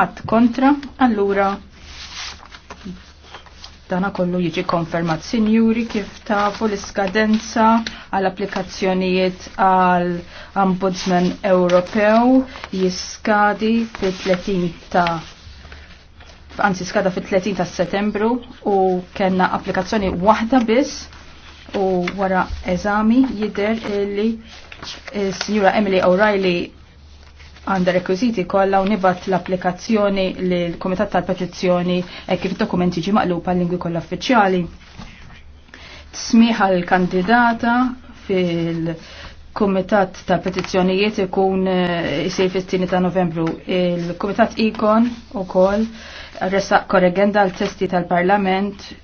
Għad kontra, allura dana kollu jiġi konfermat. Sinjuri kif tafu l-iskadenza għal applikazzjonijiet għal Ombudsman Ewropew jiskadi fit-30 ta' anzi skada fit-30 ta' settembru u kena applikazzjoni waħda biss u wara eżami jider li eh, Signora Emily O'Reilly għanda rekwiziti kollha u l-applikazzjoni l kumitat tal-petizzjoni e kif dokumenti ġi maqluba lingwi kollha uffiċjali. Smiħa l-kandidata fil- Kumitat tal-petizzjonijiet ikun jisir e, fit-tieni ta' Novembru. Il-Kumitat ikon ukoll ressaq korregenda l-testi tal-Parlament